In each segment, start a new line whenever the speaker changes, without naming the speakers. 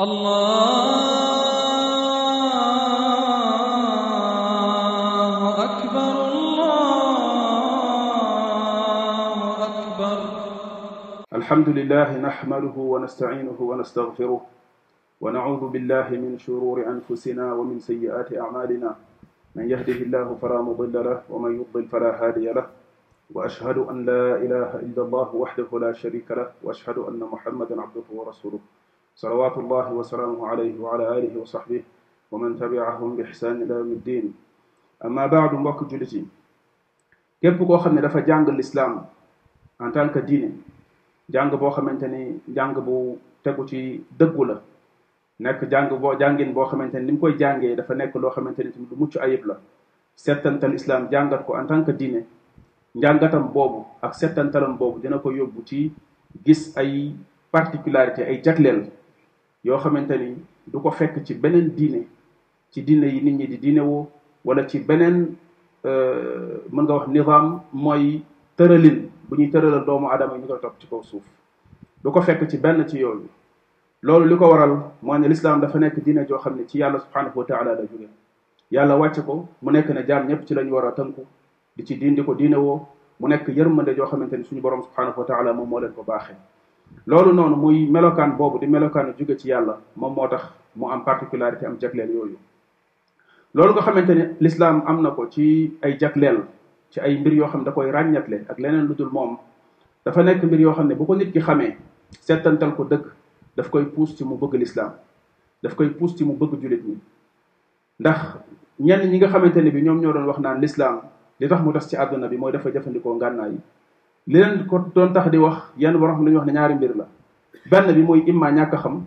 الله أكبر الله أكبر الحمد لله نحمده ونستعينه ونستغفره ونعوذ بالله من شرور أنفسنا ومن سيئات أعمالنا من يهده الله فلا مضل له ومن يضل فلا هادي له وأشهد أن لا إله إلا الله وحده لا شريك له وأشهد أن محمدا عبده ورسوله صلوات الله وسلامه عليه وعلى آله وصحبه ومن تبعهم بإحسان إلى يوم الدين أما بعد مبك جلتي كيف بو خامي دا جانغ الإسلام أن تانك دين جانغ بو خامي تاني جانغ بو تيكو تي دغو لا نيك جانغ بو جانغين بو خامي تاني نيم كوي جانغي دا فا نيك لو خامي تاني تي موتو أيب لا سيتانتال الإسلام جانغات كو أن تانك دين njàngatam boobu ak settantalam boobu dina ko yóbbu ci gis ay particularité ay jagleel yoo xamante ni du ko fekk ci beneen diine ci diine yi nit ñi di diine woo wala ci beneen mën nga wax nizam mooy tëralin bu ñuy tëralal doomu aadama yi ñu koy topp ci kaw suuf du ko fekk ci benn ci yooyu loolu li ko waral mooy ne lislaam dafa nekk diine joo xam ne ci yàlla subhanahu wa taala la jóge yàlla wàcc ko mu nekk ne jaam ñëpp ci lañu war a tënku di ci diin di ko diine woo mu nekk yërmande joo xamante ni suñu borom subhanahu wa taala moom moo leen ko baaxee loolu noonu muy melokaan boobu di melokaanu jóge ci yàlla moom moo tax mu am particularité am jagleel yooyu loolu nga xamante ne l'islam am na ko ci ay jagleel ci ay mbir yoo xam ne da koy ràññatle ak leneen lu dul moom dafa nekk mbir yoo xam ne bu ko nit ki xamee seetantal ko dëgg daf koy puus ci mu bëgg l'islam daf koy puus ci mu bëgg jullit ñi ndax ñenn ñi nga xamante ne bi ñoom ñoo doon wax naan l'islam li tax mu tas ci àdduna bi mooy dafa jëfandikoo ngànnaay yi li ko doon tax di wax yenn borom dañuy wax ne ñaari mbir la benn bi mooy imma ñàkk xam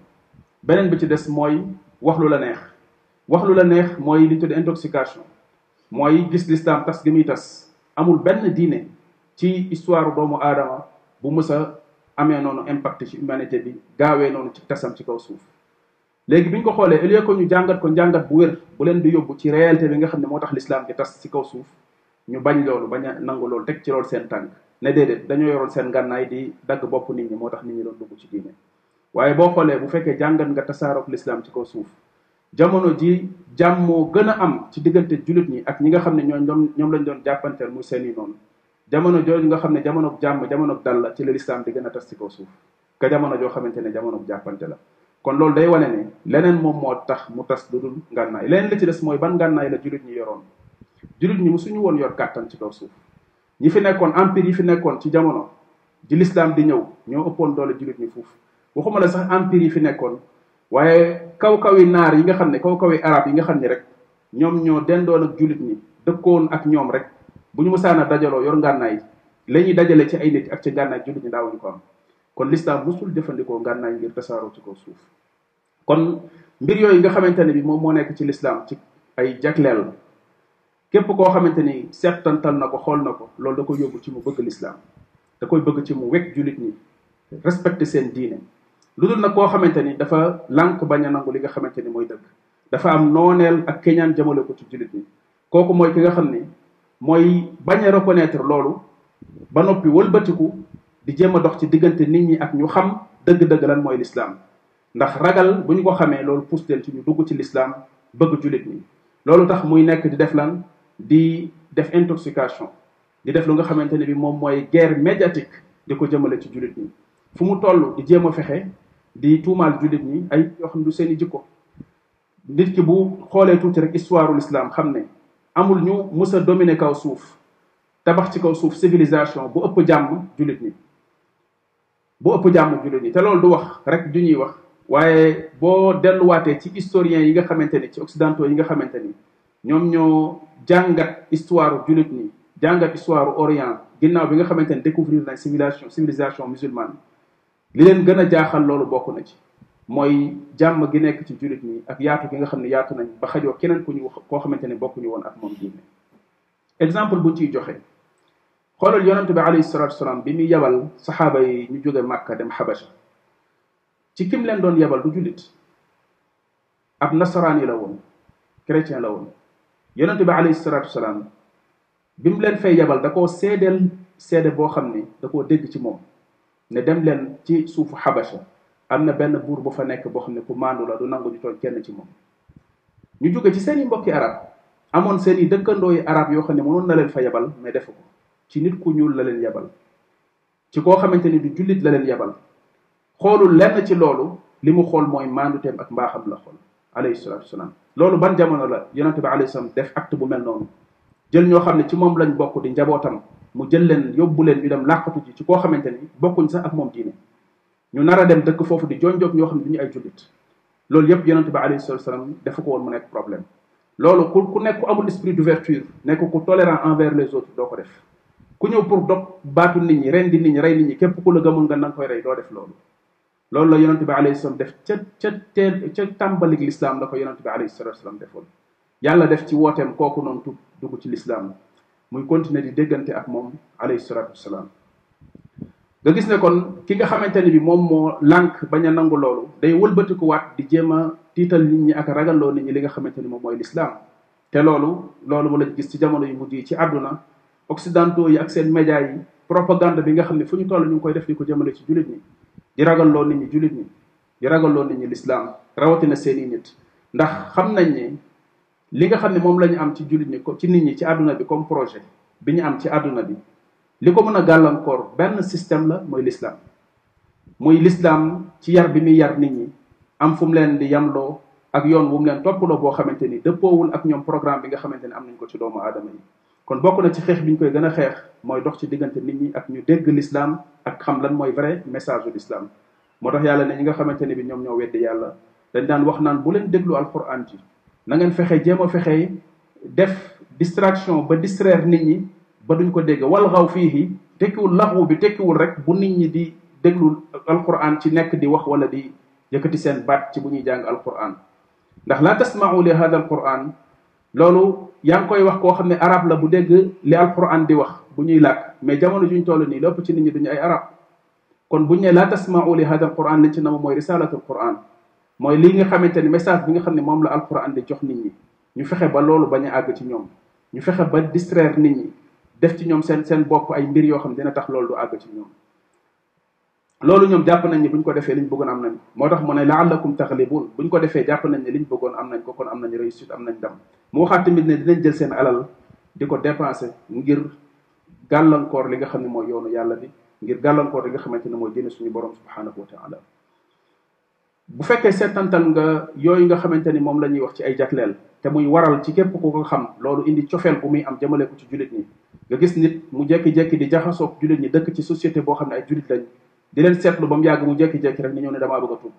beneen bi ci des mooy wax lu la neex wax lu la neex mooy li tudd intoxication mooy gis lislaam tas gi muy tas amul benn diine ci histoire doomu aadama bu mës a amee noonu impact ci humanité bi gaawee noonu ci tasam ci kaw suuf léegi bi ñu ko xoolee au lieu que ñu jàngat ko njàngat bu wér bu leen di yóbbu ci réalité bi nga xam ne moo tax lislaam di tas ci kaw suuf ñu bañ loolu bañ a nangu loolu teg ci loolu seen tànk ne déedéet dañoo yoroon seen ngànnaay di dagg bopp nit ñi moo tax nit ñi doon dugg ci diine waaye boo xoolee bu fekkee jàngat nga tasaaroog lislaam ci kaw suuf jamono ji jàmm moo gën a am ci diggante jullit ñi ak ñi nga xam ne ñoo ñoom ñoom lañ doon jàppanteel muy seen i noonu jamono jooju nga xam ne jamono jàmm jamono dal la ci la lislaam di gën a tas ci kaw suuf ka jamono joo xamante ne jamono jàppante la kon loolu day wane ne leneen moom moo tax mu tas lu dul ngànnaay leneen la ci des mooy ban ngànnaay la jullit ñi yoroon jullit ñi musuñu woon yor kàttan ci kaw suuf ñi fi nekkoon empire yi fi nekkoon ci jamono ji l'islam di ñëw ñoo ëppoon doole jullit ñi foofu waxuma la sax empire yi fi nekkoon waaye kaw-kaw yi naar yi nga xam ne kaw-kaw yi arab yi nga xam ne rek ñoom ñoo dendoon ak jullit ñi dëkkoon ak ñoom rek bu ñu mësaan a dajaloo yor ngànnaay la ñuy dajale ci ay nit ak ci ngànnaay jullit ñi daawuñu ko am kon l'islam musul jëfandikoo ngànnaay ngir tasaaroo ci ko suuf kon mbir yooyu nga xamante ne bi moom moo nekk ci l'islam ci ay jagleel képp koo xamante ni seetantal na ko xool na ko loolu da ko yóbbu ci mu bëgg lislaam da koy bëgg ci mu wekk jullit ñi respecté seen diine lu dul nag koo xamante ni dafa lànk bañ a nangu li nga xamante ni mooy dëgg dafa am nooneel ak keñaan jamale ko ci kooku mooy ki nga xam ni mooy bañ a reconnaître loolu ba noppi wëlbatiku di jéem a dox ci diggante nit ñi ak ñu xam dëgg-dëgg lan mooy lislaam ndax ragal bu ko xamee loolu pousse leen ci ñu dugg ci lislaam bëgg jullit ñi loolu tax muy nekk di def lan di def intoxication di def lu nga xamante ne bi moom mooy guerre médiatique di ko jëmale ci jullit ñi fu mu toll di jéem a fexe di tuumaal jullit ñi ay yoo xam du seen i jikko nit ki bu xoolee tuuti rek histoire ul islam xam ne amul ñu musa a kaw suuf tabax ci kaw suuf civilisation bu ëpp jàmm jullit ñi bu ëpp jàmm jullit ñi te loolu du wax rek du ñuy wax waaye boo delluwaatee ci historiens yi nga xamante ni ci occidentaux yi nga xamante ni ñoom ñoo jàngat histoire jullit ñi jàngat histoire orient ginnaaw bi nga xamante ne découvrir na civilisation civilisation musulmane li leen gën a jaaxal loolu bokk na ci mooy jàmm gi nekk ci jullit ñi ak yaatu gi nga xam ne yaatu nañ ba xajoo keneen ku ñu koo xamante ne bokkuñu woon ak moom diine exemple bu ciy joxe xoolal yonente bi alayhi salatu wasalaam bi muy yabal saxaaba yi ñu jóge màkka dem xabasha ci kim leen doon yabal du jullit ab nasaraan yi la woon chrétien la woon yonente bi alayhi salatu wasalaam bi mu leen fay yebal da koo seedeel seede boo xam ne da koo dégg ci moom ne dem leen ci suufu xabasha am na benn buur bu fa nekk boo xam ne ku maandu la du nangu ñu tooñ kenn ci moom ñu jóge ci seen i mbokki arab amoon seen i dëkkandoo yi arab yoo xam ne mënoon na leen fa yebal mais defu ko ci nit ku ñuul la leen yebal ci koo xamante ni du jullit la leen yebal xoolul lenn ci loolu li mu xool mooy maanduteem ak mbaaxam la xool alayhi salatu wasalaam loolu ban jamono la yonente bi alayhi salaam def acte bu mel noonu jël ñoo xam ne ci moom lañ bokk di njabootam mu jël leen yóbbu leen ñu dem làqatu ji ci koo xamante ni bokkuñ sax ak moom diine ñu nar a dem dëkk foofu di jonjoog ñoo xam ne du ñu ay jullit loolu yépp yonente bi alayhi salaam dafa ko woon mu nekk problème loolu ku ku nekk ku amul esprit d'ouverture nekk ku tolérant envers les autres doo ko def ku ñëw pour dog baatu nit ñi ren di nit ñi rey nit ñi képp ku la gëmul nga nanga koy rey doo def loolu loolu la yonente bi alayhi salaam def ca ca teel ca tàmbalig lislaam la ko yonente bi alayhi salatu salaam defoon yàlla def ci wooteem kooku noonu tu dugg ci lislaam muy continuer di déggante ak moom alayhi salatu wasalaam nga gis ne kon ki nga xamante ne bi moom moo lànk bañ a nangu loolu day wëlbatiku waat di jéem a tiital nit ñi ak ragalloo nit ñi li nga xamante ni moom mooy lislaam te loolu loolu mu lañ gis ci jamono yu mujj yi ci àdduna occidentaux yi ak seen média yi propagande bi nga xam ne fu ñu toll ñu ngi koy def di ko jëmale ci julit ñi di ragal loo nit ñi jullit ñi di ragal loo nit ñi lislaam rawatina seeni nit ndax xam nañ ne li nga xam ne moom la ñu am ci jullit ñi ci nit ñi ci àdduna bi comme projet bi ñu am ci àdduna bi li ko mën a gàllankoor benn système la mooy lislaam muy lislaam ci yar bi muy yar nit ñi am fu mu leen di yamloo ak yoon wu mu leen toppaloo boo xamante ni dëppoowul ak ñoom programme bi nga xamante ni am nañ ko ci doomu aadama yi kon bokk na ci xeex biñ koy gën a xeex mooy dox ci diggante nit ñi ak ñu dégg l'islam ak xam lan mooy vrai message du l'islam moo tax yàlla ne ñi nga xamante ne bi ñoom ñoo wedd yàlla dañ daan wax naan bu leen déglu alquran ji na ngeen fexe jéem a fexe def distraction ba distraire nit ñi ba duñ ko dégg wal xaw fiihi tekkiwul laxwu bi tekkiwul rek bu nit ñi di déglu alquran ci nekk di wax wala di yëkkati seen baat ci bu ñuy jàng alquran ndax la tasma'u li hada alquran loolu yaa ngi koy wax koo xam ne arab la bu dégg li alquran di wax bu ñuy làkk mais jamono juñ toll nii lépp ci nit ñi duñu ay arab kon buñ ne laa tasmau li hada alquran liñ ci nama mooy risalatul quran mooy lii nga xamante ni message bi nga xam ne moom la alquran di jox nit ñi ñu fexe ba loolu bañ a àgg ci ñoom ñu fexe ba distraire nit ñi def ci ñoom seen seen bopp ay mbir yoo xam ne dina tax loolu du àgg ci ñoom loolu ñoom jàpp nañ ni buñ ko defee liñ bëggoon am nañ moo tax mu ne laallakum taxlibun buñ ko defee jàpp nañ ni liñ bëggoon am nañ ko kon am nañ réussite am nañ dam mu waxaat tamit ne dinañ jël seen alal di ko dépenser ngir gàllankoor li nga xam ne mooy yoonu yàlla bi ngir gàllankoor li nga xamante ne mooy jëne suñu borom subhanahu wa taala bu fekkee seetantal nga yooyu nga xamante ni moom la ñuy wax ci ay jagleel te muy waral ci képp ku ko xam loolu indi cofeel bu muy am jëmale ko ci julit ñi nga gis nit mu jekki-jekki di jaxasoog julit ñi dëkk ci société boo xam ne ay julit lañ di leen seetlu ba mu yàgg mu jékki-jékki rek ni ñëw ne damaa bëgg a tuub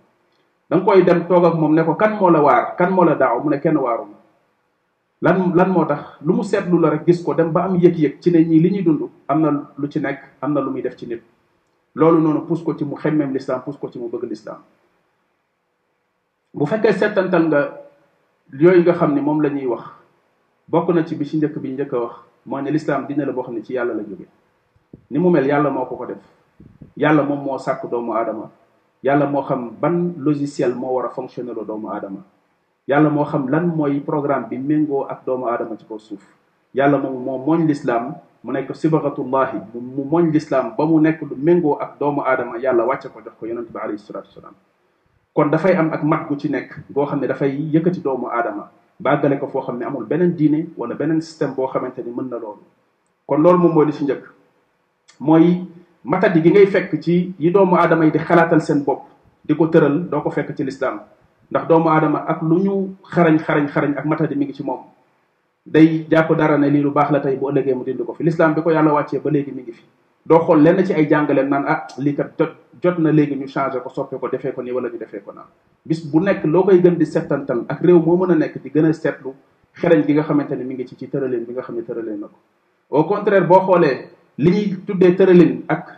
da koy dem toog ak moom ne ko kan moo la waar kan moo la daaw mu ne kenn waaru lan lan moo tax lu mu seetlu la rek gis ko dem ba am yëg-yëg ci ne ñii li ñuy dund am na lu ci nekk am na lu muy def ci nit loolu noonu pousse ko ci mu xemmeem lislaam pousse ko ci mu bëgg lislaam bu fekkee seetantal nga yooyu nga xam ni moom la ñuy wax bokk na ci bi ci njëkk bi njëkk a wax moo ne lislaam dina la boo xam ne ci yàlla la jóge ni mu mel yàlla moo ko ko def yàlla moom moo sàkk doomu adama yàlla mo xam ban logiciel mo wara a fonctionné lo doomu aadama yàlla mo xam lan moy programme bi mengo ak doomu adama ci ko suuf yàlla mom mo moñ l'islam mu nek sibaratullahi mu moñ l'islam ba mu nek lu mengo ak doomu adama yàlla wacc ko jox ko yonente bi alayhi salatu wasalaam kon fay am ak mat gu ci nekk goo xam ne dafay yëkkati doomu aadama bàggale ko fo xamne amul benen diine wala benen système bo xamanteni mën na lool kon lool mom moy li ci ñëk moy matadi gi ngay fekk ci yi doomu adama yi di xalaatal seen bopp di ko tëral doo ko fekk ci lislaam ndax doomu aadama ak lu ñu xarañ xarañ xarañ ak matadi mi ngi ci moom day jàpp dara ne li lu baax la tey boo ëllëgee mu dindi ko fi bi ko yàlla wàccee ba léegi mi ngi fi doo xool lenn ci ay jàngaleen naan ah lii kat jot jot na léegi ñu changé ko soppeeko ko defee ko nii wala ñu defee ko naan bis bu nekk loo koy gën di settantal ak réew moo mën a nekk di gën seetlu xereñ gi nga xamante ne mi ngi ci ci tëraleen bi nga xam ne tëraleen na ko au contraire boo xoolee li ñuy tuddee tëraleen ak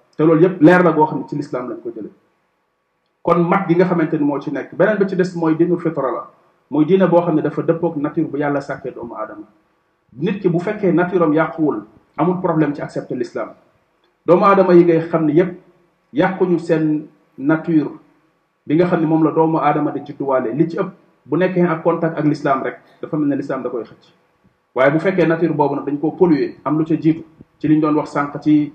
te loolu yépp leer la boo xam ne ci lislaam lañ ko jëlee kon mat gi nga xamante ni moo ci nekk beneen bi ci des mooy dinu fitra la mooy diine boo xam ne dafa dëppoog nature bu yàlla sàkkee doomu aadama nit ki bu fekkee nature am yàquwul amul problème ci accepter l'islam doomu aadama yi ngay xam ne yépp yàquñu seen nature bi nga xam ne moom la doomu aadama di judduwaale li ci ëpp bu nekkee ak contact ak l'islam rek dafa mel ne l'islam da koy xëcc waaye bu fekkee nature boobu nag dañ koo polluer am lu ca jiitu ci liñ doon wax sànq ci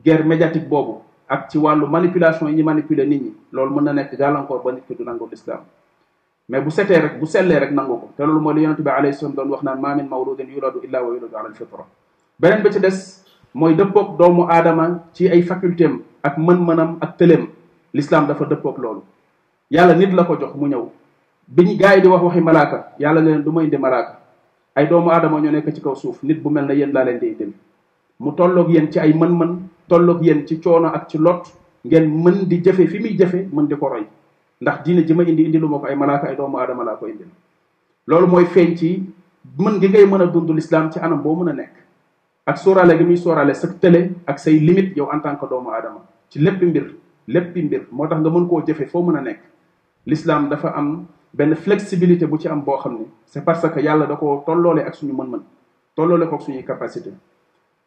guerre médiatique boobu ak ci wàllu manipulation yi ñu manipuler nit ñi loolu mën na nekk gàllankoor ba nit ki du nangu lislaam mais bu setee rek bu sellee rek nangu ko te loolu mooy li yonent bi alayhi salaam doon wax naan maa min mawludin yuladu illa wa yuladu ala alfitra beneen ba ci des mooy dëppoog doomu aadama ci ay faculté ak mën-mënam ak tëleem l'islam dafa dëppoog loolu yàlla nit la ko jox mu ñëw bi ñu gars yi di wax waxi malaaka yàlla leen du ma indi ay doomu aadama ñoo nekk ci kaw suuf nit bu mel na yéen laa leen di indil mu tolloog yéen ci ay mën-mën tolloog yéen ci coono ak ci lot ngeen mën di jëfe fi muy jëfe mën di ko roy ndax diine ji ma indi indi lu ma ko ay malaaka ay doomu aadama laa ko indi loolu mooy feeñ ci mën gi ngay mën a dund lislaam ci anam boo mën a nekk ak sóoraale gi muy sóoraale sa tële ak say limite yow en tant que doomu aadama ci lépp mbir lépp mbir moo tax nga mën koo jëfe foo mën a nekk lislaam dafa am benn flexibilité bu ci am boo xam ne c'est parce que yàlla da ko tolloole ak suñu mën-mën tolloole ko ak suñuy capacité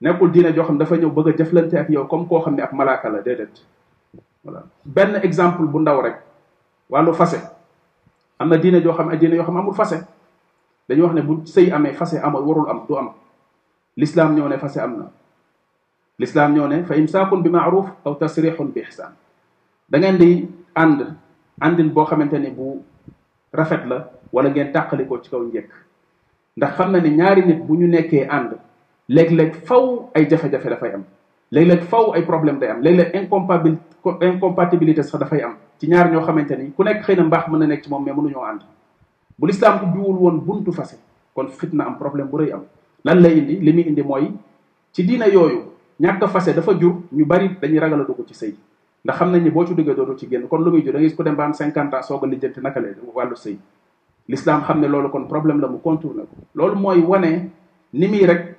nekkul diine joo xam dafa ñëw bëgg a jëflante ak yow comme koo xam ne ab malaaka la déedéet voilà benn exemple bu ndaw rek wàllu fase am na diine joo xam ak diine yoo xam amul fase dañu wax ne bu sëy amee fase amul warul am du am l'islam ñëw ne fase am na l'islam ñëw ne fa imsaakun bi maaruf aw tasrixun bi ihsan da ngeen di ànd àndin boo xamante ni bu rafet la wala ngeen tàqalikoo ci kaw njëkk ndax xam na ne ñaari nit bu ñu nekkee ànd léeg-léeg faw ay jafe-jafe dafay am léeg-léeg ay problème day am léeg-léeg incompabil incompatibilité sax dafay am ci ñaar ñoo xamante ni ku nekk xëy na mbaax mën na nekk ci moom mais mënuñoo ànd bu lislaam ubbiwul woon buntu fase kon fitna am problème bu rëy am lan lay indi li muy indi mooy ci diina yooyu ñàkk fase dafa jur ñu bari dañuy ragaladu ko ci sëy ndax xam nañu boo ci duggee dootu ci génn kon lu muy jur da ngay gis ku dem ba am cinquante ans soog a lijjanti naka la wàllu sëy lislaam xam ne loolu kon problème la mu contourné ko loolu mooy wane ni muy rek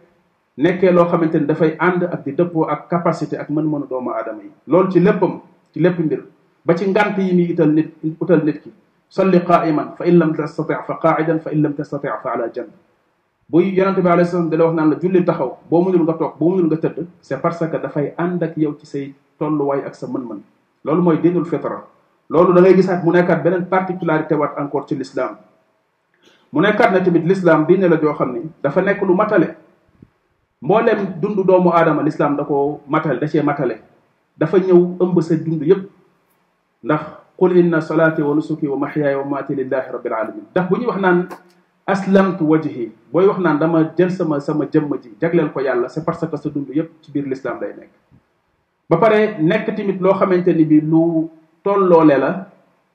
nekkee loo xamante ni dafay ànd ak di dëppoo ak capacité ak mën-mënu doomu aadama yi loolu ci léppam ci lépp mbir ba ci ngant yi muy ital nit utal nit ki salli qaiman fa in lam tastati fa qaidan fa in lam tastati fa ala jann bu yonente bi alayhi salam da la wax naan la julli taxaw boo mënul nga toog boo mënul nga tëdd c' est parce que dafay ànd ak yow ci say tolluwaay ak sa mën-mën loolu mooy dinul fitra loolu da ngay gisaat mu nekkaat beneen particularité waat encore ci l'islam mu nekkaat na tamit l'islam diine la joo xam ni dafa nekk lu matale mboolem dundu doomu aadama lislaam da ko matal da cee matale dafa ñëw ëmb sa dund yépp ndax qul na salaati wa nusuki wa mahyaaya wa mamaati lillahi rabbil alamin ndax bu ñuy wax naan aslamtu wajhi booy wax naan dama jël sama sama jëmm ji jagleel ko yàlla c'est parce que sa dund yépp ci biir lislaam day nekk ba pare nekk tamit loo xamante ni bi lu tolloole la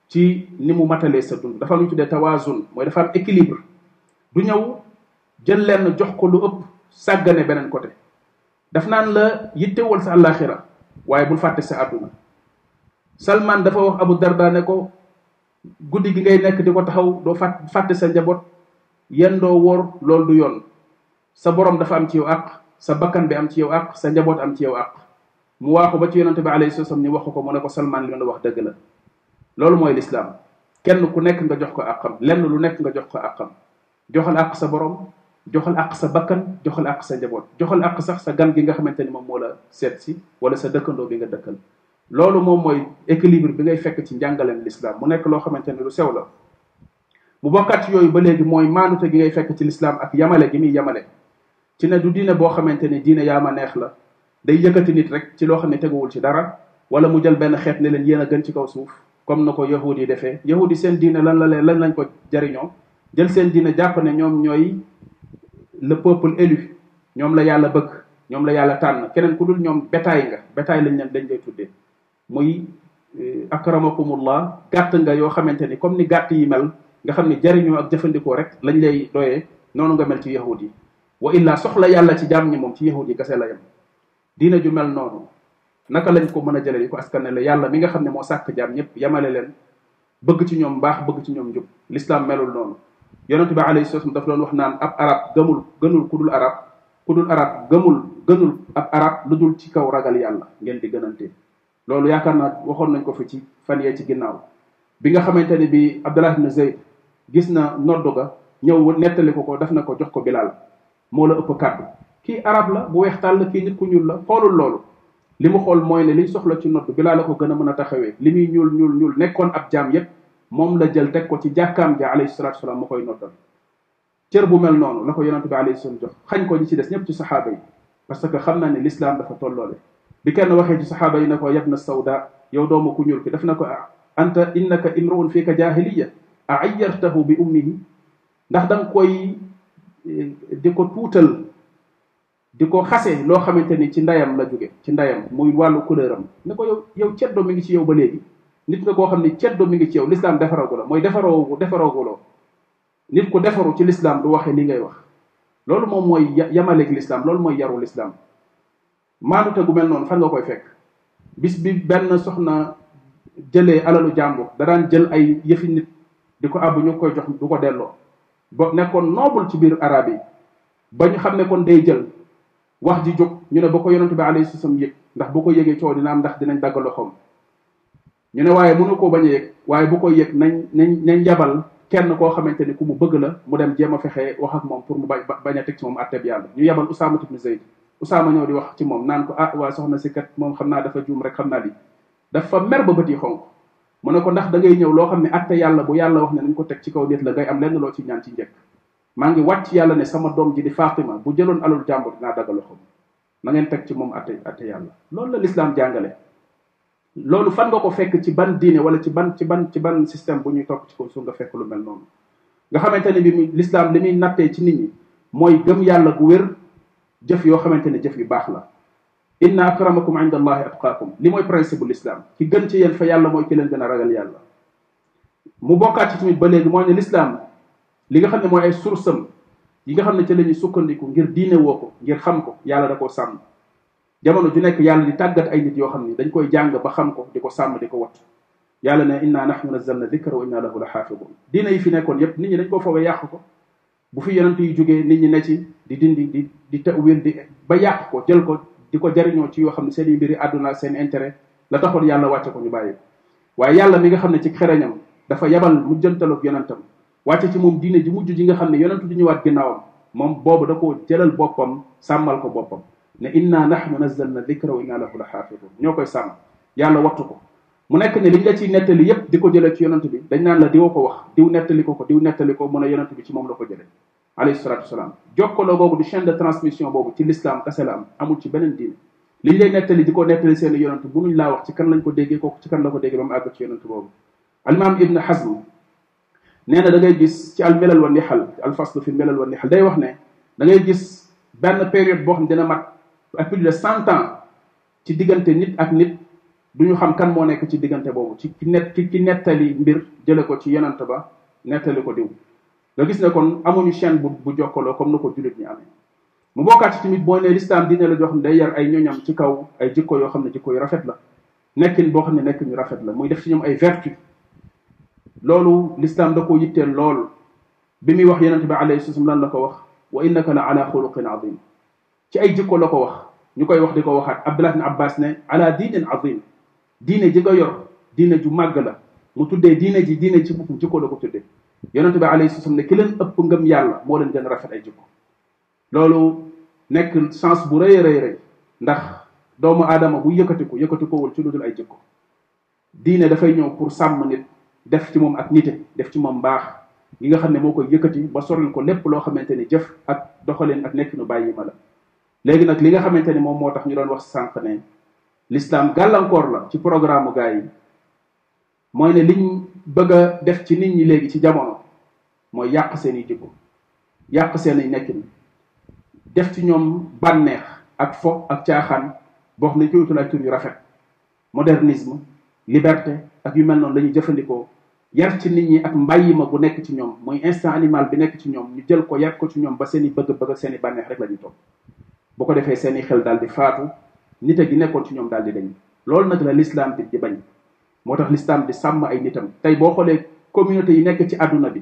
ci ni mu matalee sa dund dafa am lu ñu tuddee tawazun mooy dafa am équilibre du ñëw jël leen jox ko lu ëpp sàggane beneen côté daf naan la yittewal sa àllaaxira waaye bul fàtte sa àdduna Salman dafa wax Abu Darda ne ko guddi gi ngay nekk di ko taxaw doo fàtt fàtte sa njaboot yen doo woor loolu du yoon sa borom dafa am ci yow àq sa bakkan bi am ci yow àq sa njaboot am ci yow àq mu waaxu ba ci yonente bi alayhi salaam ñu wax ko mu ne ko Salman li wax dëgg la loolu mooy lislaam kenn ku nekk nga jox ko àqam lenn lu nekk nga jox ko àqam joxal àq sa boroom joxal àq sa bakkan joxal àq sa njaboot joxal àq sax sa gan gi nga xamante ni moom moo la seet si wala sa dëkkandoo bi nga dëkkal loolu moom mooy équilibre bi ngay fekk ci njàngaleem l'islam mu nekk loo xamante ni lu sew la mu bokkaat yooyu ba léegi mooy maanute gi ngay fekk ci l'islam ak yamale gi muy yamale ci ne du diine boo xamante ni diine yaa ma neex la day yëkkati nit rek ci loo xam ne teguwul ci dara wala mu jël benn xeet ne leen yéen a gën ci kaw suuf comme na ko yahud yi defee yahud yi seen diine lan la leen lan lañ ko jariñoo jël seen diine jàpp ne ñoom ñooy le peuple élu ñoom la yàlla bëgg ñoom la yàlla tànn keneen ku dul ñoom bétail nga bétail lañ leen dañ koy tuddee muy eh, akramakumullah gàtt nga yoo xamante ni comme ni gàtt yi mel nga xam ne jariñoo ak jëfandikoo rek lañ lay doyee noonu nga mel ci yahud yi wa illaa soxla yàlla ci jaam ñi moom ci yahud yi kese la yem diina ju mel noonu naka lañ ko mën a jële di ko askanale yàlla mi nga xam ne moo sàkk jaam ñëpp yemale leen bëgg ci ñoom mbaax bëgg ci ñoom njub melul noonu yonente bi alayhi salaam daf doon wax naan ab arab gëmul gënul ku dul arab ku dul arab gëmul gënul ab arab lu dul ci kaw ragal yàlla ngeen di gënante loolu yaakaar naa waxoon nañ ko fi ci fan yee ci ginnaaw bi nga xamante ne bi abdallah ibne zeyd gis na nodd ga ñëw nettali ko ko daf na ko jox ko bilal moo la ëpp kàddu kii arab la bu weex tàll kii nit ku ñuul la xoolul loolu li mu xool mooy ne liñ soxla ci nodd bilal la ko gën a mën a taxawee li muy ñuul ñuul ñuul nekkoon ab jaam yépp mom la jël tek ko ci jakam bi alayhi salatu salaam mo koy noddal cër bu mel nonu lako ko bi alayhi salatu jox xagn ko ñi ci dess ñep ci sahaba yi parce que xamna ni l'islam dafa tollole bi kenn waxe ci sahaba yi nako yabna sawda yow doomu ku ñur fi daf nako anta innaka imruun fika jahiliya a'ayyartahu bi ummihi ndax dang koy diko tutal diko xasse lo xamanteni ci ndayam la jóge ci ndayam muy walu couleuram nako yow yow ceddo mi ngi ci yow ba legi nit nga koo xam ne ceddo mi ngi ci yow lislaam defaragu la mooy defaroo defaroogu loo nit ku defaru ci lislaam du waxe ni ngay wax loolu moom mooy yamaleeg lislaam loolu mooy yaru lislaam maanute gu mel noonu fan nga koy fekk bis bi benn soxna jëlee alalu jàmbur da daan jël ay yëfi nit di ko àbb ñu koy jox du ko delloo ba nekkoon noble ci biir arab yi ba ñu xam ne kon day jël wax ji jóg ñu ne ba ko yonente bi alayhi salaam yëg ndax bu ko yëgee coow dina am ndax dinañ dagg loxoom ñu ne waaye mënu koo bañ a yëg waaye bu koy yëg nañ nañ nañ yabal kenn koo xamante ni ku mu bëgg la mu dem jéem a fexe wax moom pour mu bañ bañ a teg ci moom atteb yàlla ñu yabal Usaama ibn Zayd Usaama ñëw di wax ci moom naan ko ah, waa soxna si kat moom naa dafa juum rek xam naa li dafa mer ba bët mu ne ko ndax da ngay ñëw loo xam ne atte yàlla bu yàlla wax ne nañ ko teg ci kaw nit la ngay am lenn loo ci ñaan ci njëkk maa ngi wàcc yàlla ne sama doom ji di Faatima bu jëloon alal jàmbur dinaa dagal loxo na ngeen teg ci moom ate atte yàlla loolu la lislaam jàngale loolu fan nga ko fekk ci ban diine wala ci ban ci ban ci ban système bu ñuy topp ci ko su nga fekk lu mel noonu nga xamante ne bi mu lislaam li muy nattee ci nit ñi mooy gëm yàlla gu wér jëf yoo xamante ne jëf yu baax la inna akramakum inda allahi atqaakum li mooy principe bu lislaam ki gën ci yéen fa yàlla mooy ki leen gën a ragal yàlla mu bokkaat ci tamit ba léegi moo ne lislaam li nga xam ne mooy ay source am yi nga xam ne ci la sukkandiku ngir diine woo ko ngir xam ko yàlla da koo sàmm jamono ju nekk yàlla di tàggat ay nit yoo xam ne dañ koy jàng ba xam ko di ko sàmm di ko wat yàlla ne inna nahnu nazzalna dikra wa inna lahu la xaafidun diina yi fi nekkoon yépp nit ñi dañ ko bu fi yonent yu jógee nit ñi ne ci di dindi di di tawil di ba yàq ko jël di ko jariñoo ci yoo xam ne seen i mbiri àdduna seen intere la taxoon yàlla wàcce ko ñu bàyyi waaye yàlla mi nga xam ne ci xereñam dafa yabal mu jëntaloog yonentam wàcce ci moom diine ji mujj ji nga xam ne yonentu di ñëwaat ginnaawam moom boobu da koo jëlal boppam sàmmal ko boppam ne inna nahnu nazzalna dhikra wa inna lahu lahafidun ñoo koy sàmm yàlla wattu ko mu nekk ne liñ la ciy nettali yépp di ko jëlee ci yonent bi dañ naan la diwa ko wax diw nettali ko ko diw nettali ko mu ne yonent bi ci moom la ko jëlee alayhi salatu wasalaam jokkaloo boobu di chaîne de transmission boobu ci l'islam kase la am amul ci beneen diine liñ lay nettali di ko nettali seen yonent munuñ laa wax ci kan lañ ko déggee kooku ci kan la ko déggee ba mu àgg ci yonent boobu alimam ibn hasm nee na da ngay gis ci al melal wa nihal al fasl fi melal wa nihal day wax ne da ngay gis benn période boo xam dina mat ak plus de cent ans ci diggante nit ak nit duñu xam kan moo nekk ci diggante boobu ci ki net ki nettali mbir jële ko ci yonant ba nettali ko diw nga gis ne kon amuñu chaîne bu bu jokkaloo comme na ko julit ñi amee mu bokkaat ci tamit mooy ne lislaam dina la jox ne day yar ay ñoñam ci kaw ay jikko yoo xam ne jikko yu rafet la nekkin boo xam ne nekkin yu rafet la muy def ci ñoom ay vertu loolu lislaam da ko yitteel lool bi muy wax yonente bi alayhi salaam lan la ko wax wa innaka la ala xuluqin azim ci ay jikko la ko wax ñu koy wax di ko waxaat abdullah ibn abbas ne ala diinin azim diine ji nga yor diine ju màgg la mu tuddee diine ji diine ci boppam jikko la ko tuddee yonente bi alayhi salaam ne ki leen ëpp ngëm yàlla moo leen gën rafet ay jikko loolu nekk sens bu rëy rëy rëy ndax doomu aadama bu yëkkati yëkkatikowul ci lu dul ay jikko diine dafay ñëw pour sàmm nit def ci moom ak nite def ci moom mbaax yi nga xam ne moo koy yëkkati ba soril ko lépp loo xamante ni jëf ak doxaleen ak nekk nu bàyyi ma la léegi nag li nga xamante ni moom moo tax ñu doon wax sànq ne l'islam gàllankoor la ci programme gaa yi mooy ne liñ bëgg a def ci nit ñi léegi ci jamono mooy yàq seeni i yàq seen i nekkin def ci ñoom bànneex ak fo ak caaxaan boo xam ne jiwtu la tur yu rafet modernisme liberté ak yu mel noonu la jëfandikoo yar ci nit ñi ak mbayima bu nekk ci ñoom muy instinct animal bi nekk ci ñoom ñu jël ko yar ko ci ñoom ba seen i bëgg-bëgg ak seen i bànneex boo ko defee seeni xel daal di faatu nite gi nekkoon ci ñoom daal di dañ loolu nag la lislaam bi di bañ moo tax lislaam di sàmm ay nitam tey boo xoolee communauté yi nekk ci àdduna bi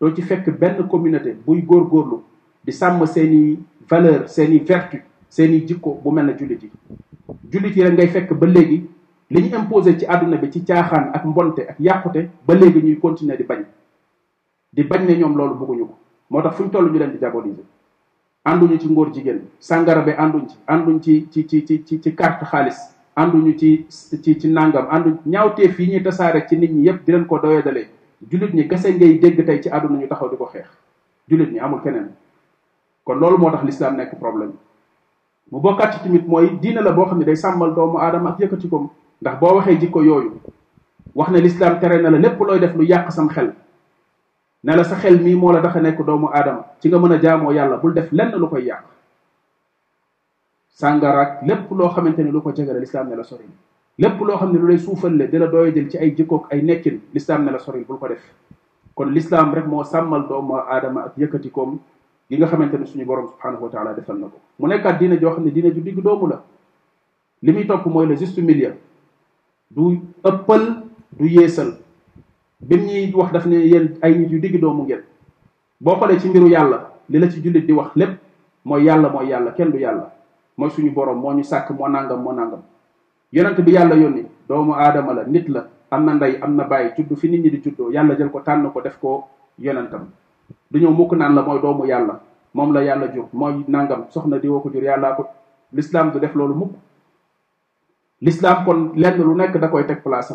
doo ci fekk benn communauté buy góor góorlu di sàmm seeni valeur seeni vertu seeni jikko bu mel na jullit yi jullit yi rek ngay fekk ba léegi li ñu imposé ci àdduna bi ci caaxaan ak mbonte ak yàqute ba léegi ñuy continuer di bañ di bañ ne ñoom loolu bëgguñu ko moo tax fu toll ñu leen di diaboliser ànduñu ci ngóor jigéen sàngara bi ànduñ ci ànduñ ci ci ci ci ci carte xaalis ànduñu ci ci ci nàngam ànduñ ñaawtee fii ñuy tasaare ci nit ñi yépp di leen ko doyadalee jullit ñi kese ngay dégg tey ci àdduna ñu taxaw du ko xeex jullit ñi amul keneen kon loolu moo tax lislaam nekk problème mu bokkaat ci tamit mooy diina la boo xam ne day sàmmal doomu aadama ak yëkkati ko ndax boo waxee jikko yooyu wax ne lislaam tere na la lépp looy def lu yàq sam xel ne la sa xel mii moo la daxa nekk doomu aadama ci nga mën a jaamoo yàlla bul def lenn lu koy yàq sàngaraak lépp loo xamante ni lu ko jegale lislaam ne la sori lépp loo xam ne lu lay suufal le di la dooy jël ci ay jikkoog ay nekkin lislaam ne la sori bul ko def kon lislaam rek moo sàmmal doomu aadama ak yëkkatikoom yi nga xamante ne suñu borom subhanahu wa taala defal na ko mu nekkaat diine joo xam ne diine ju digg doomu la li muy topp mooy le juste milieu du ëppal du yeesal bi ñuy wax daf ne yéen ay nit yu digg doomu ngeen boo xoolee ci mbiru yàlla li la ci jullit di wax lépp mooy yàlla mooy yàlla kenn yàlla mooy suñu borom moo ñu sàkk moo nàngam moo nangam yonent bi yàlla yónni doomu aadama la nit la am na ndey am na bàyyi tudd fi nit ñi di tuddoo yàlla jël ko tànn ko def ko yonentam du ñëw mukk naan la mooy doomu yàlla moom la yàlla jur mooy nangam soxna di woo ko jur yàllaa ko l'islam du def loolu mukk l'islam kon lenn lu nekk da koy teg place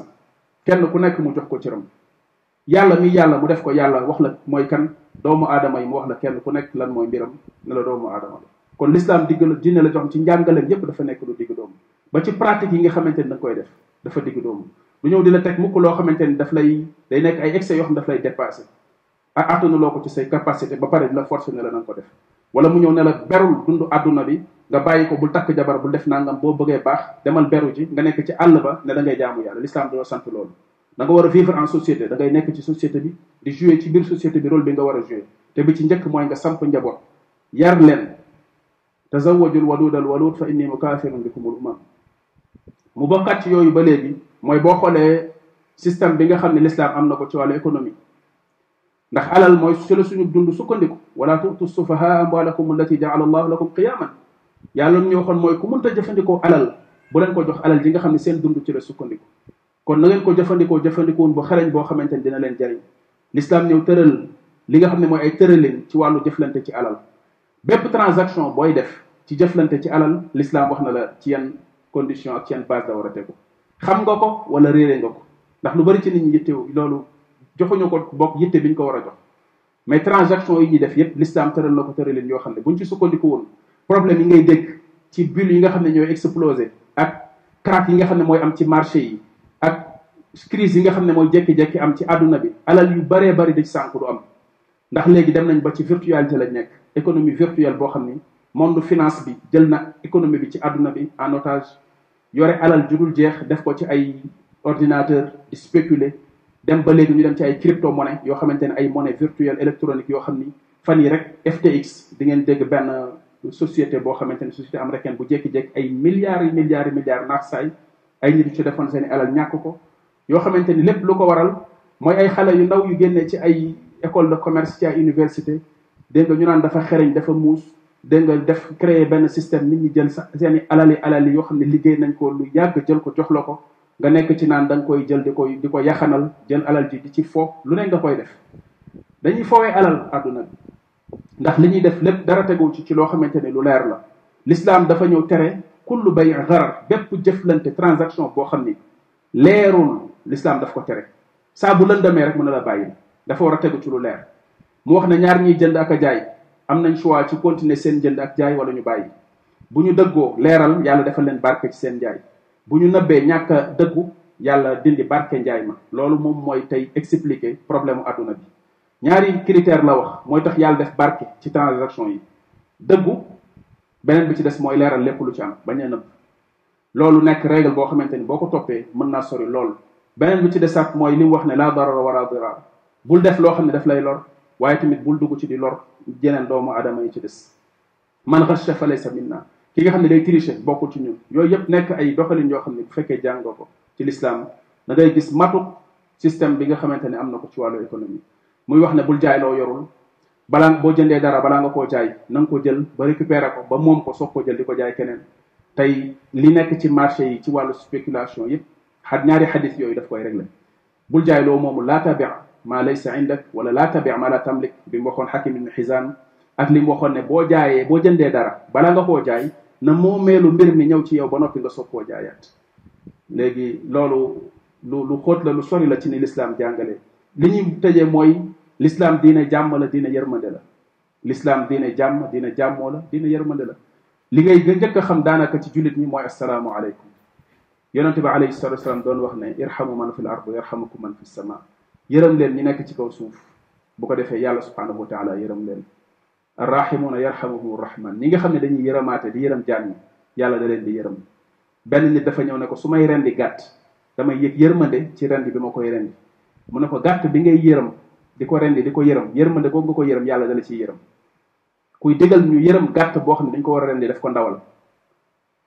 kenn ku nekk mu jox ko cëram yàlla mi yàlla mu def ko yàlla wax la mooy kan doomu aadama yi mu wax la kenn ku nekk lan mooy mbiram ne la doomu aadama la kon l'islam digg dina la jox ci njàngaleem yépp dafa nekk lu digg doomu ba ci pratique yi nga xamante ni da nga koy def dafa digg doomu du ñëw di la teg mukk loo xamante ni daf lay day nekk ay yoo xam daf lay dépassé loo ko ci say capacité ba pare di la forcer ne na ko def wala mu ñëw ne la berul dund bi nga bàyyi ko bu takk jabar bu def nangam boo bëggee baax demal beru ji nga nekk ci àll ba ne da ngay jaamu yàlla l'islam doo sant loolu da nga war a vivre en société da ngay nekk ci société bi di jouer ci biir société bi rôle bi nga war a jouer te bi ci njëkk mooy nga samp njaboot yar leen tazawajul walud al walud fa inni mukafirun bikum al umam mu bokkat ci yooyu ba léegi mooy boo xoolee système bi nga xam ne l'islam am na ko ci wàllu économie ndax alal mooy ci la suñu dund sukkandiku wala tuutu sufaha amwalakum allati jaala allahu lakum qiyaman yàlla ñu waxoon mooy ku mënta jëfandikoo alal bu leen ko jox alal ji nga xam ne seen dund ci la sukkandiku kon na ngeen ko jëfandikoo jëfandikoon bu xarañ boo xamanteni dina leen jariñ l'islam ñëw tëral li nga xam ne mooy ay tëralin ci wàllu jëflante ci alal bépp transaction booy def ci jëflante ci alal l'islam wax na la ci yan condition ak ci yan base la war a tegu xam nga ko wala réere nga ko ndax lu bari ci nit ñi yittew loolu joxuñu ko bokk yitte biñ ko war a jox mais transaction yi ñuy def yépp l'islam tëral na ko tëralin yoo xam ne buñ ci sukkandiku woon problème yi ngay dégg ci bulle yi nga xam ne ñooy explosé ak crack yi nga xam ne mooy am ci marché yi crise yi nga xamne moy jekki-jekki am ci aduna bi alal yu bare bare da ci sànq du am ndax léegi dem nañ ba ci virtualité lañ nek économie virtuelle bo xamni monde finance bi jël na économie bi ci aduna bi en otage yore alal judul jeex def ko ci ay ordinateur di spéculer dem ba léegi ñu dem ci ay crypto monnaie yo xamantene ay monnaie virtuelle électronique yo xamni ni fan yi rek FTX di ngeen dégg ben société bo xamantene société américaine bu jékki-jékki ay milliards milliards milliards nak say ay nit ci defon seen alal ñak ko yoo xamante ni lépp lu ko waral mooy ay xale yu ndaw yu génne ci ay école de commerce ci ay université dégg nga ñu naan dafa xereñ dafa muus dégg nga def créer benn système nit ñi jël sa seeni alali alali yoo xam ne liggéey nañ ko lu yàgg jël ko jox la ko nga nekk ci naan da nga koy jël di koy di ko yaxanal jël alal ji di ci fo lu ne nga koy def dañuy fowee alal àdduna bi ndax li ñuy def lépp dara tegu ci ci loo xamante ne lu leer la l'islam dafa ñëw tere kullu bay garar bépp jëflante transaction boo xam ni leerul l'islam daf ko tere saa bu lëndamee rek mun na la bàyyi dafa war a tegu ci lu leer mu wax na ñaar ñiy jënd ak a jaay am nañ choix ci continuer seen jënd ak jaay wala ñu bàyyi bu ñu dëggoo leeral yàlla dafa leen barke ci seen jaay bu ñu nëbbee ñàkk dëggu yàlla dindi barke njaay ma loolu moom mooy tey expliquer problème u àdduna bi ñaari critère la wax mooy tax yàlla def barke ci transaction yi dëggu beneen bi ci des mooy leeral lépp lu ci am bañ a loolu nekk règle boo xamante ni boo ko toppee mën naa sori lool beneen bi ci desaat mooy li mu wax ne laa darara wala dirar bul def loo xam ne daf lay lor waaye tamit bul dugg ci di lor jeneen doomu aadama yi ci des man xasha fa laysa minna ki nga xam ne day tricher bokkul ci ñu yooyu yëpp nekk ay doxalin yoo xam ne bu fekkee jàngoo ko ci lislaam da gis matuk système bi nga xamante ne am na ko ci wàllu économie muy wax ne bul jaay loo yorul balaa boo jëndee dara balaa nga koo jaay na nga ko jël ba récupérer ko ba moom ko soog ko jël ko jaay keneen tey li nekk ci marché yi ci wàllu spéculation yëpp xad ñaari xadis yooyu daf koy régler bul jaay loo moomu laa tabi' maa laysa indak wala laa tabi' maa laa tamlik bi mu waxoon Hakim ibn Hizam ak li mu waxoon ne boo jaayee boo jëndee dara bala nga koo jaay na moo meelu mbir mi ñëw ci yow ba noppi nga soog koo jaayaat léegi loolu lu lu xóot la lu sori la ci ni lislaam jàngale li ñuy tëjee mooy lislaam diine jàmm la diine yërmande la lislaam diine jàmm diine jàmmoo la diine yërmande la li ngay nga njëkk a xam daanaka ci jullit ñi mooy assalaamu aleykum yonente bi alayhi salatu wasalaam doon wax ne irhamu man fi l ard yarhamukum man fi sama yërëm leen ñi nekk ci kaw suuf bu ko defee yàlla subhanahu wa taala yërëm leen arrahimuuna yarhamuhum rahman ñi nga xam ne dañuy yërëmaate di yërëm jaan ñi yàlla da leen di yërëm benn nit dafa ñëw ne ko su may rendi gàtt damay yëg yërmande ci rendi bi ma koy rendi mu ne ko gàtt bi ngay yërëm di ko rendi di ko yërëm yërmande boobu nga ko yërëm yàlla da la ciy yërëm kuy dégal ñu yërëm gàtt boo xam ne dañ ko war a rendi def ko ndawal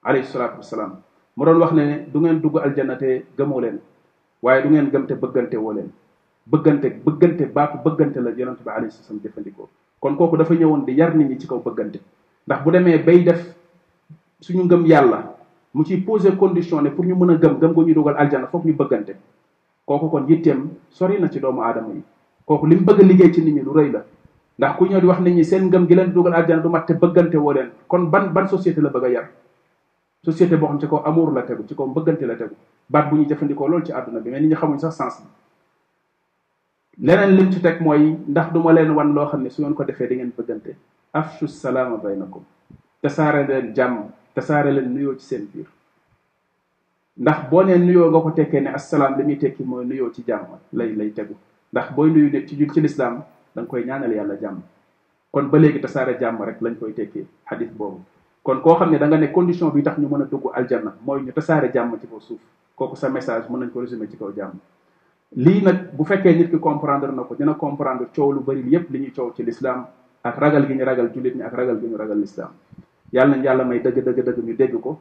alayhi salaatu wasalaam mu doon wax ne du ngeen dugg aljanna te gëmoo leen waaye du ngeen gëm te bëggante woo leen bëggante bëggante baatu bëggante la yonente bi alayhi jëfandikoo kon kooku dafa ñëwoon di yar nit ñi ci kaw bëggante ndax bu demee bay def suñu ngëm yàlla mu ci poser condition ne pour ñu mën a gëm gëm ko ñu dugal aljanna foog ñu bëggante kooku kon yitteem sori na ci doomu aadama yi kooku li mu bëgg liggéey ci nit ñi lu rëy la ndax ku ñëw di wax nit ñi seen ngëm gi leen dugal àjjana du mat te bëggante woo leen kon ban ban société la bëgg a yar société boo xam ci ko amour la tegu ci kaw bëggante la tegu baat bu ñu jëfandikoo loolu ci àdduna bi mais ñu ñi xamuñ sax sens leneen lim ci teg mooy ndax duma leen wan loo xam ne su ngeen ko defee da ngeen bëggante afshu salaama ko tasaare leen jàmm tasaare leen nuyoo ci seen biir ndax boo neen nuyoo nga ko tekkee ne assalaam li muy tekki mooy nuyoo ci jàmm lay lay tegu ndax booy nuyu nit ci jul ci lislaam danga koy ñaanal yàlla jàmm kon ba léegi tasaare jàmm rek lañ koy tekkee xadis boobu kon koo xam ne da nga ne condition bi tax ñu mën a dugg aljanna mooy ñu tasaare jàmm ci ko suuf kooku sa message mën nañ ko résumer ci kaw jàmm lii nag bu fekkee nit ki comprendre na ko dina comprendre coow lu bëri yépp li ñuy coow ci lislaam ak ragal gi ñu ragal jullit ñi ak ragal gi ñu ragal lislaam yàlla nañ yàlla may dëgg dëgg dëgg ñu dégg ko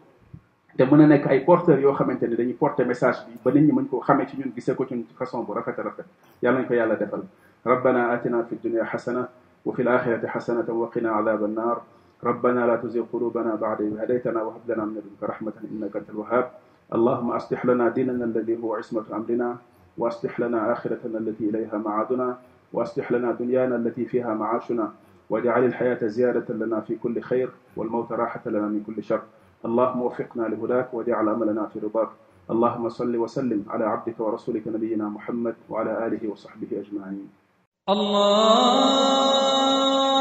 te mën a nekk ay porteurs yoo xamante ne dañuy porter message bi ba mën ko xamee ñun gisee ko ci ñun façon bu rafet a rafet yàlla nañ ko ربنا آتنا في الدنيا حسنة وفي الآخرة حسنة وقنا عذاب النار ربنا لا تزغ قلوبنا بعد إذ هديتنا وهب لنا من لدنك رحمة إنك أنت الوهاب اللهم أصلح لنا ديننا الذي هو عصمة أمرنا وأصلح لنا آخرتنا التي إليها معادنا وأصلح لنا دنيانا التي فيها معاشنا واجعل الحياة زيادة لنا في كل خير والموت راحة لنا من كل شر اللهم وفقنا لهداك واجعل أملنا في رضاك اللهم صل وسلم على عبدك ورسولك نبينا محمد وعلى آله وصحبه أجمعين الله